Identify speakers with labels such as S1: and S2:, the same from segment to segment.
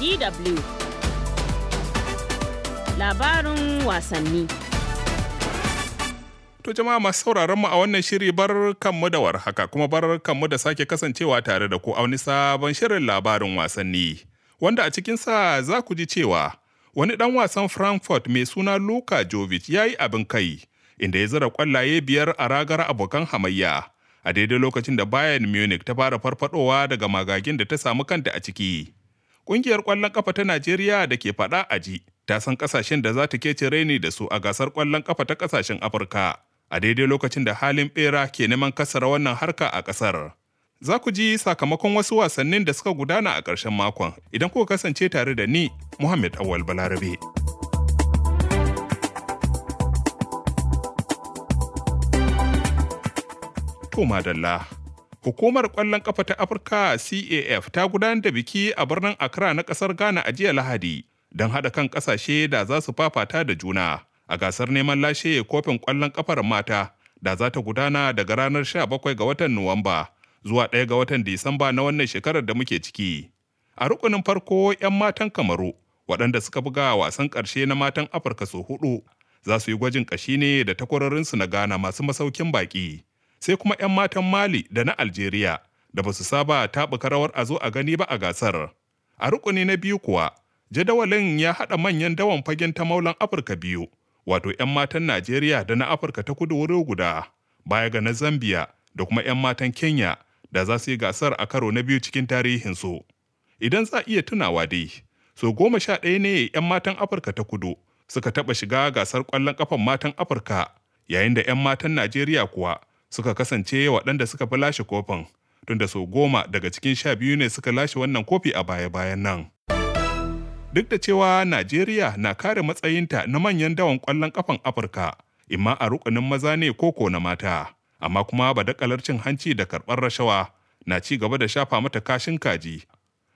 S1: DW
S2: labarin wasanni.
S1: To jama'a masu sauraron mu a wannan shiri bar kanmu da warhaka kuma bar kanmu da sake kasancewa tare da ku a wani sabon shirin labarin wasanni wanda a cikinsa za ku ji cewa wani ɗan wasan Frankfurt mai suna Luka Jovic ya yi abin kai inda ya zira kwallaye biyar a ragar abokan hamayya a daidai lokacin da Bayern Munich ta fara farfadowa daga magagin da ta samu kanta a ciki. Ƙungiyar ƙwallon ƙafa ta Najeriya da ke faɗa a ji ta san ƙasashen da za ta kece ni da su a gasar ƙwallon ƙafa ta ƙasashen Afirka a daidai lokacin da halin ɓera ke neman kasara wannan harka a ƙasar. Za ku ji sakamakon wasu wasannin da suka gudana a ƙarshen makon idan kuka kasance tare da ni Muhammad Awal Balarabe. To madalla. Hukumar ƙwallon ƙafa ta Afirka CAF ta gudanar da biki a birnin Accra na ƙasar Ghana a jiya Lahadi don haɗa kan ƙasashe da za su fafata da juna a gasar neman lashe kofin ƙwallon ƙafar mata da za ta gudana daga ranar 17 ga watan Nuwamba zuwa 1 ga watan Disamba na wannan shekarar da muke ciki. A rukunin farko 'yan matan Kamaru waɗanda suka buga wasan ƙarshe na matan Afirka su hudu za su yi gwajin ƙashi ne da takwarorinsu na Ghana masu masaukin baƙi. sai kuma 'yan matan Mali da na Algeria da ba su saba taɓuka rawar a zo a gani ba a gasar. A rukuni na biyu kuwa, jadawalin ya haɗa manyan dawan fagen ta maulan Afirka biyu, wato 'yan matan Najeriya da na Afirka ta kudu wuri guda, baya ga na Zambiya da kuma 'yan matan Kenya da za su yi gasar a karo na biyu cikin tarihinsu. Idan za a iya tunawa dai, so goma sha ɗaya ne 'yan matan Afirka ta kudu suka taɓa shiga gasar ƙwallon ƙafan matan Afirka, yayin da 'yan matan Najeriya kuwa suka kasance waɗanda suka fi lashe kofin tunda sau goma daga cikin sha biyu ne suka lashe wannan kofi a baya-bayan nan. Duk da cewa Najeriya na kare matsayinta na manyan dawan ƙwallon ƙafan Afirka, imma a rukunin maza ne koko na mata, amma kuma badakalar cin hanci da karɓar rashawa na ci gaba da shafa mata kashin kaji.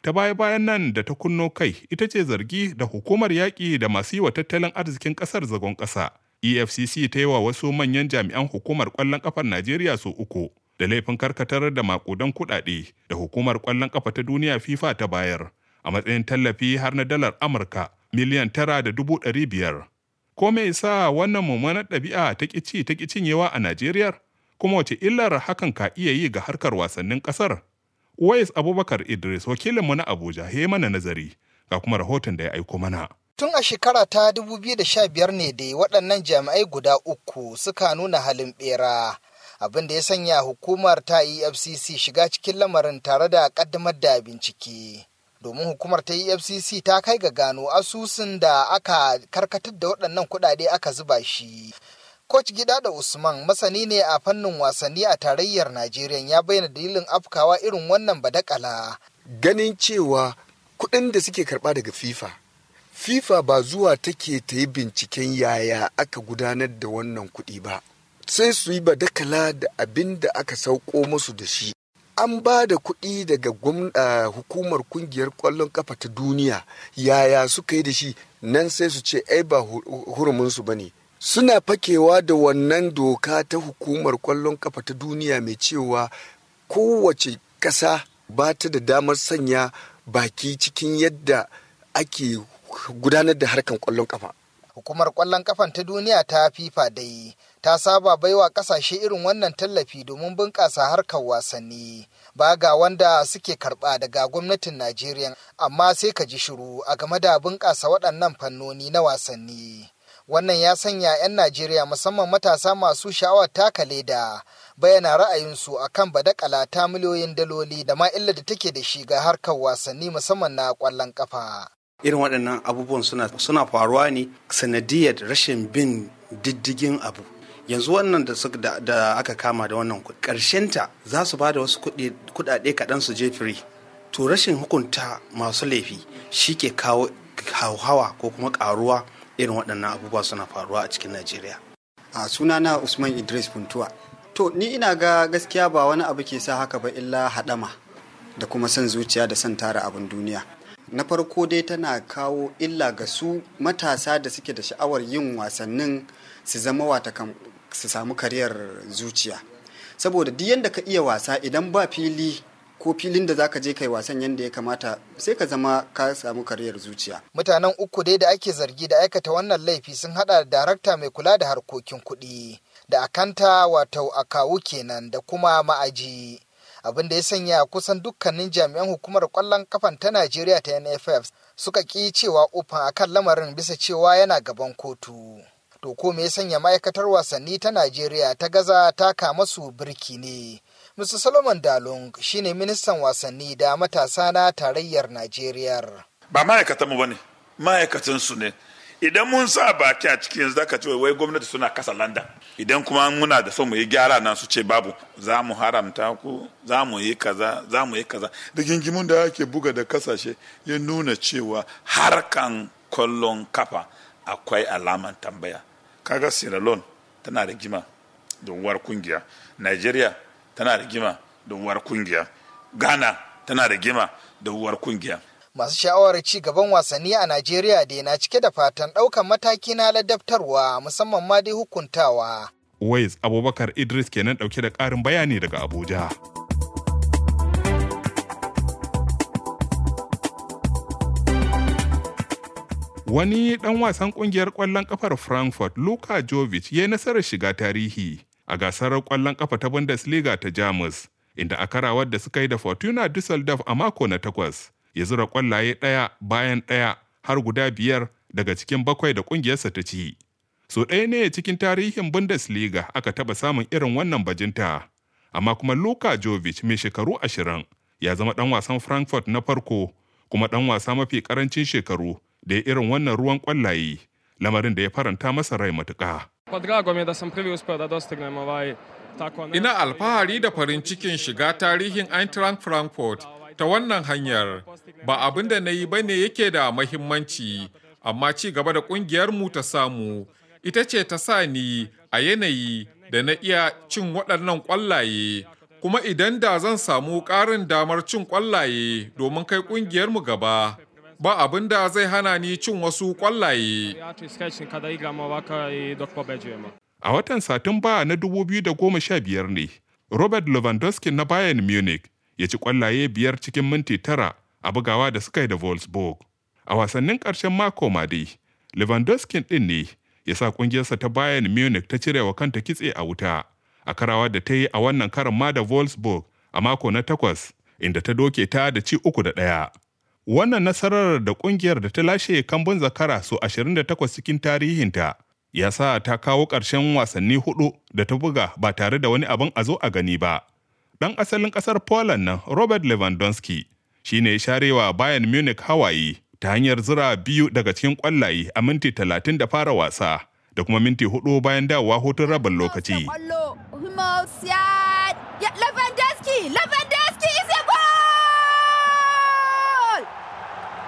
S1: Ta baya-bayan nan da ta kunno kai ita ce zargi da hukumar yaƙi da masu yi wa tattalin arzikin ƙasar zagon ƙasa efcc ta yi wa wasu manyan jami'an hukumar kwallon kafar najeriya su uku da laifin karkatar da makudan kuɗaɗe da hukumar kwallon kafa ta duniya fifa ta bayar a matsayin tallafi har na dalar amurka miliyan tara da dubu ɗari biyar ko me sa wannan mummunar ɗabi'a ta ƙici ta cinyewa a najeriya kuma wace illar hakan ka iya yi ga harkar wasannin ƙasar Uwais Abubakar Idris wakilinmu na Abuja ya mana nazari ga kuma rahoton da ya aiko mana.
S2: Tun a shekara ta 2015 ne dai waɗannan jami'ai guda uku suka nuna halin ɓera. abin da ya sanya hukumar ta EFCC shiga cikin lamarin tare da kaddamar da bincike. Domin hukumar ta EFCC ta kai ga gano asusun da aka karkatar da waɗannan kuɗaɗe aka zuba shi. Coach Gida da Usman masani ne a fannin wasanni a tarayyar Najeriya ya bayyana dalilin afkawa irin wannan badakala. Ganin cewa kuɗin da suke karɓa daga FIFA fifa ba zuwa take ta yi binciken yaya aka gudanar da wannan kuɗi ba sai su yi badakala da abin da aka sauko musu da shi an ba da kuɗi daga hukumar kungiyar ƙwallon ƙafa ta duniya yaya suka yi da shi nan sai su ce ai ba huruminsu ba ne suna fakewa da wannan doka ta hukumar ƙwallon ƙafa ta duniya mai cewa kowace ƙasa ba ta da damar sanya baki cikin yadda ake gudanar da harkan kwallon kafa hukumar kwallon kafan ta duniya ta fifa dai ta saba baiwa kasashe irin wannan tallafi domin bunƙasa harkar wasanni ba ga wanda suke karɓa daga gwamnatin najeriya amma sai ka ji shiru a game da bunƙasa waɗannan fannoni na wasanni wannan ya sanya 'yan najeriya musamman matasa masu sha'awar taka leda bayyana ra'ayinsu a kan badakala ta miliyoyin daloli da ma illar da take da shi ga harkar wasanni musamman na ƙwallon ƙafa. irin waɗannan abubuwan suna faruwa ne sanadiyar rashin bin diddigin abu yanzu wannan da aka kama da wannan ta za su ba da wasu kuɗaɗe kaɗan su je firi to rashin hukunta masu laifi shi ke kawo hawa ko kuma ƙaruwa irin waɗannan abubuwa suna faruwa a cikin najeriya a sunana usman idris puntuwa to ni ina ga gaskiya ba wani abu ke sa haka ba illa haɗama da kuma son zuciya da son tara abin duniya na farko dai tana kawo illa ga su matasa da suke da sha'awar yin wasannin su zama watakan su samu kariyar zuciya saboda duk yadda ka iya wasa idan ba fili ko filin da zaka je kai wasan yadda ya kamata sai ka zama ka samu kariyar zuciya. Mutanen uku dai da ake zargi da aikata wannan laifi sun hada da darakta mai kula da harkokin kuɗi da akanta wato akawu kenan da kuma ma'aji. abin da ya sanya kusan dukkanin jami'an hukumar kwallon kafan ta Najeriya ta NFF suka ƙi cewa open akan lamarin bisa cewa yana gaban kotu. To ko me ya sanya ma'aikatar wasanni ta Najeriya ta gaza taka masu birki ne. Mr. Solomon Dalung shine ministan wasanni da matasa na tarayyar Najeriya.
S1: Ba ma'aikatanmu ba ne, su ne. idan mun sa baki a cikin yanzu ka ce wai gwamnati suna kasa landan idan kuma muna da son mu yi gyara nan su ce babu za mu haramta ku za mu yi kaza za mu yi kaza da ake buga da kasashe ya nuna cewa harkan kwallon kafa akwai alaman tambaya kaga sierra leone tana rigima da uwar kungiya nigeria tana rigima da uwar kungiya ghana tana rigima da uwar kungiya
S2: masu sha'awar ci gaban wasanni a Najeriya dai na cike da fatan ɗaukan mataki na ladabtarwa musamman ma dai hukuntawa.
S1: Ways Abubakar Idris kenan ɗauke da ƙarin bayani daga Abuja. Wani ɗan wasan ƙungiyar ƙwallon ƙafar Frankfurt, Luka Jovic, ya yi nasarar shiga tarihi a gasar ƙwallon ƙafa ta Bundesliga ta Jamus, inda a karawar da suka yi da Fortuna Düsseldorf a mako na takwas. ya zura ƙwallaye ɗaya bayan ɗaya har guda biyar daga cikin bakwai da ƙungiyarsa ta ci. So ɗaya ne cikin tarihin Bundesliga aka taɓa samun irin wannan bajinta. Amma kuma Luka Jovic mai shekaru ashirin ya zama ɗan wasan Frankfurt na farko kuma ɗan wasa mafi ƙarancin shekaru da ya irin wannan ruwan ƙwallaye lamarin da ya faranta masa rai matuƙa. Ina alfahari da farin cikin shiga tarihin Eintracht Frankfurt ta wannan hanyar ba abin da na yi ba ne yake da mahimmanci amma ci gaba da ƙungiyarmu ta samu ita ce ta sa ni a yanayi da na iya cin waɗannan ƙwallaye kuma idan da zan samu ƙarin damar cin ƙwallaye domin kai ƙungiyarmu gaba ba abin da zai hana ni cin wasu ƙwallaye a watan satumba na 2015 ne robert lewandowski na bayern munich ya ci ƙwallaye biyar cikin minti tara a bugawa da suka yi da Wolfsburg. A wasannin ƙarshen mako ma dai, Lewandowski ɗin ne ya sa ƙungiyarsa ta Bayern Munich ta cire wa kanta kitse a wuta a karawa da ta yi a wannan karan ma da Wolfsburg a mako na takwas inda ta doke ta da ci uku da ɗaya. Wannan nasarar da ƙungiyar da ta lashe kambun zakara so 28 cikin tarihinta ya sa ta kawo ƙarshen wasanni hudu da ta buga ba tare da wani abin a zo a gani ba. Ɗan asalin ƙasar Poland nan Robert Lewandowski shine sharewa bayan Munich hawaye ta hanyar zira biyu daga cikin kwallaye a minti talatin da fara wasa da kuma minti hudu bayan dawowa hutun rabin lokaci.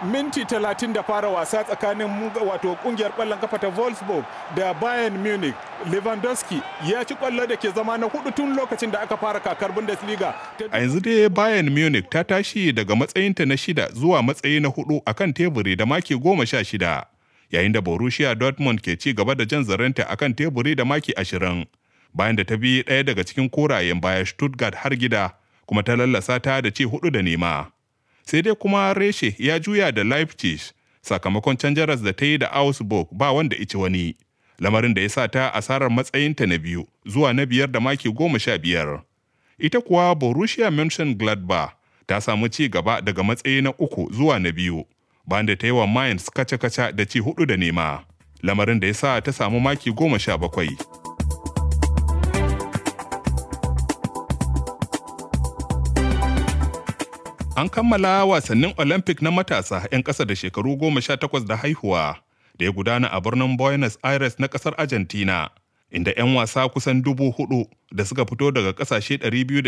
S1: minti 30 da fara wasa tsakanin wato kungiyar kwallon kafa ta Wolfsburg da Bayern Munich. Lewandowski ya ci kwallo da ke zama na hudu tun lokacin da aka fara kakar Bundesliga. A yanzu dai Bayern Munich ta tashi daga matsayinta na shida zuwa matsayi na hudu akan teburi da maki goma sha shida. Yayin da Borussia Dortmund ke ci gaba da jan zarenta akan teburi da maki ashirin. Bayan da ta bi daya daga cikin korayen baya Stuttgart har gida kuma ta lallasa ta da ci hudu da nema. sai dai kuma reshe ya juya da leipzig sakamakon canjaras da ta yi da augsburg ba wanda ici wani lamarin da ya sa ta asarar matsayinta na biyu zuwa na biyar da maki goma sha biyar ita kuwa borussia mönchengladbach ta samu ci gaba daga matsayi na uku zuwa na biyu ba da ta yi wa mainz kaca-kaca da ci hudu da nema lamarin da ya sa ta samu maki goma sha bakwai An kammala wasannin Olympic na matasa 'yan ƙasa da shekaru goma sha takwas da haihuwa da ya gudana a birnin Buenos Aires na ƙasar Argentina, inda 'yan wasa kusan dubu hudu da suka fito daga ƙasashe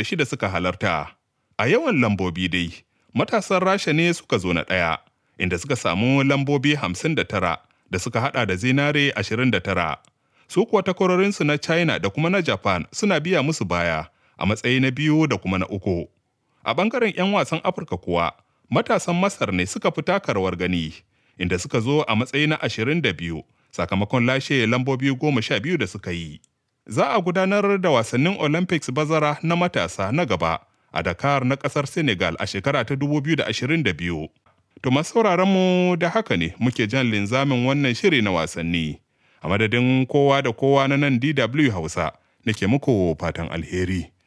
S1: shida suka halarta. A yawan lambobi dai, matasan Rasha ne suka zo na ɗaya, inda suka samu lambobi hamsin da tara da suka haɗa da zinare tara, Su kuwa takwarorinsu na China da kuma na Japan suna biya musu baya a matsayi na biyu da kuma na uku. A bangaren 'yan wasan Afirka kuwa, matasan Masar ne suka fi takarwar gani, inda suka zo a matsayi na biyu sakamakon lashe lambobi goma sha biyu da suka yi. Za a gudanar da wasannin Olympics bazara na matasa na gaba a Dakar na ƙasar Senegal a shekara ta da 2022. To masu sauraron mu da haka ne muke jan linzamin wannan shiri na wasanni. A madadin kowa da kowa na nan DW Hausa nake muku fatan alheri.